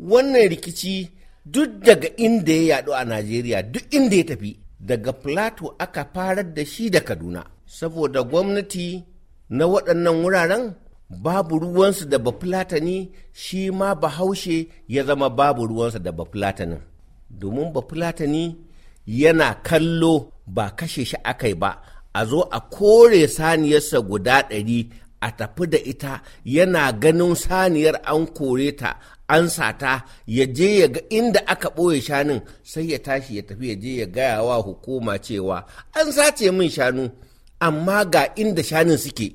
wannan rikici duk daga inda ya yaɗu a najeriya duk inda ya tafi daga plateau aka farar da shi da kaduna saboda gwamnati na waɗannan wuraren babu ruwansu da bafulatani shi ma bahaushe ya zama babu ruwansa da bafulatanin domin bafulatani yana kallo ba kashe shi aka ba a zo a kore saniyarsa guda ɗari a tafi da ita yana ganin saniyar an kore ta an sata ya je ya ga inda aka ɓoye shanun sai ya tashi ya tafi ya je ya gaya wa hukuma cewa an sace min shanu amma ga inda shanun suke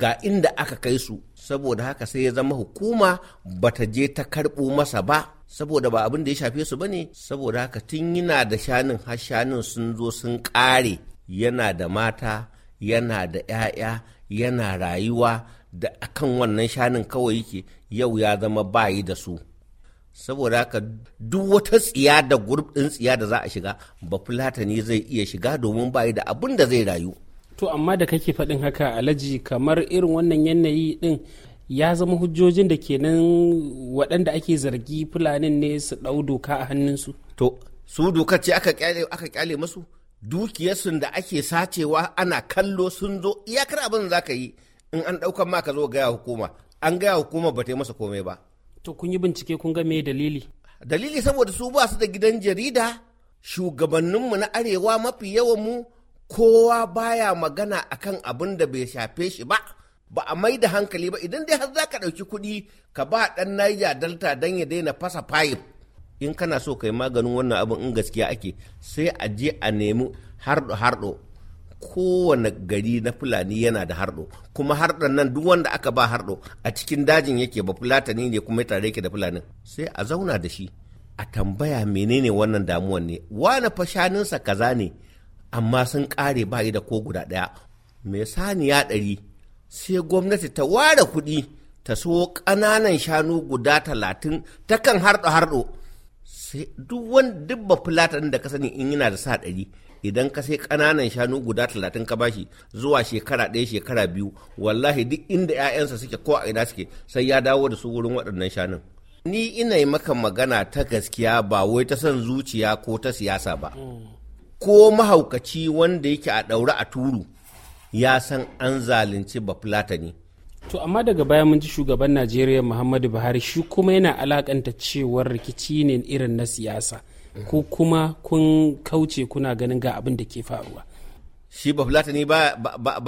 ga inda aka kai su saboda haka sai ya zama hukuma bata je ta karɓo masa ba saboda ba abin da ya shafe su ba ne. saboda haka tun yana da shanun har shanun sun zo sun ƙare yana da mata yana da 'ya'ya yana rayuwa da akan wannan shanin kawai yake yau ya zama bayi da su saboda haka duk wata tsiya da gurb ɗin tsiya da za a shiga ba fulatani zai iya shiga domin bayi da abin da zai rayu to amma da kake faɗin haka alaji kamar irin wannan yanayi ɗin ya zama hujjojin da kenan waɗanda ake zargi fulanin ne su ɗau doka a hannunsu to su doka ce aka kyale masu. dukiyarsu da ake sacewa ana kallo sun zo iyakar abin za ka yi in an ɗaukan ma ka zo gaya hukuma an gaya hukuma ba ta yi masa komai ba. To kun yi bincike kun ga me dalili? Dalili saboda su ba su da gidan jarida shugabanninmu na arewa mafi yawan mu kowa baya magana akan abin da bai shafe shi ba ba a mai da hankali ba idan dai har za ka ɗauki kuɗi ka ba ɗan naija Delta dan ya daina fasa pipe. in kana so ka yi maganin wannan abin in gaskiya ake sai a je a nemi hardo hardo kowane gari na fulani yana da hardo kuma hardon nan duk wanda aka ba hardo a cikin dajin yake ba fulatani ne kuma tare yake da fulanin sai a zauna da shi a tambaya menene wannan damuwan ne wani fashaninsa kaza ne amma sun kare bayi da ko guda ɗaya mai saniya ɗari sai gwamnati ta ware kuɗi ta so ƙananan shanu guda talatin ta kan harɗo-harɗo duk wani dubba ba da ka sani in yana da sa ɗari idan ka sai ƙananan shanu guda talatin ka bashi zuwa shekara ɗaya shekara biyu wallahi duk inda 'ya'yansa suke ko a ina suke sai ya dawo da su wurin waɗannan shanun ni ina yi maka magana ta gaskiya ba wai ta son zuciya ko ta siyasa ba ko mahaukaci wanda yake a ɗaure a turu ya san an zalunci ba fulata ne. To amma daga baya mun ji shugaban Najeriya Muhammadu Buhari shi kuma yana alakanta cewar rikici ne irin na siyasa ko kuma kun kauce kuna ganin ga abin da ke faruwa. Shi Bafulata ne ba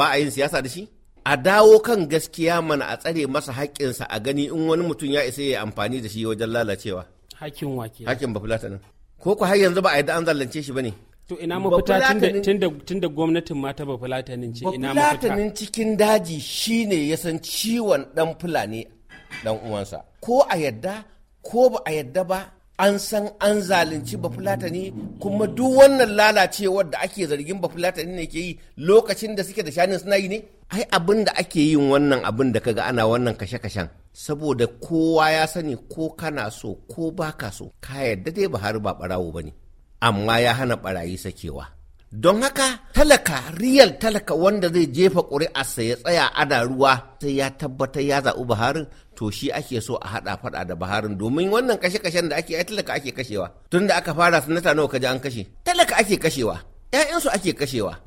a yin siyasa da shi? A dawo kan gaskiya mana a tsare masa haƙƙinsa a gani in wani mutum ya isa ya amfani da shi wajen lalacewa. Hakin wake. Hakin Bafulata Ko ku har yanzu ba a yi da an zalance shi ba ne? to ina mafita tun da gwamnatin ma ta fulatanin ce ina mafita Fulatanin cikin daji shine ya san ciwon dan fulani dan uwansa ko a yadda ko ba a yadda ba an san an zalunci fulatani kuma duk wannan lalacewar da ake zargin fulatani ne ke yi lokacin da suke da shanin suna yi ne ai abin da ake yin wannan abin da kaga ana wannan kashe-kashen saboda kowa ya sani ko kana so ko baka so ka yadda dai ba har ba barawo ba ne. amma ya hana barayi sakewa don haka talaka riyal talaka wanda zai jefa ƙuri'arsa ya tsaya ana ruwa sai ya tabbatar ya zaɓi buharin to shi ake so a haɗa faɗa da buharin domin wannan kashe-kashen da ake ai talaka ake kashewa tun aka fara sanata nawa kaji an kashe talaka ake kashewa 'ya'yansu ake kashewa